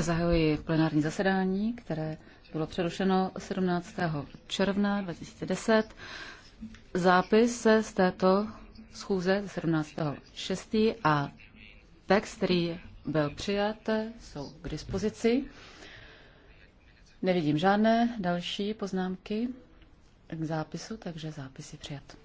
Zahajuji plenární zasedání, které bylo přerušeno 17. června 2010. Zápis se z této schůze 17.6. a text, který byl přijat, jsou k dispozici. Nevidím žádné další poznámky k zápisu, takže zápis je přijat.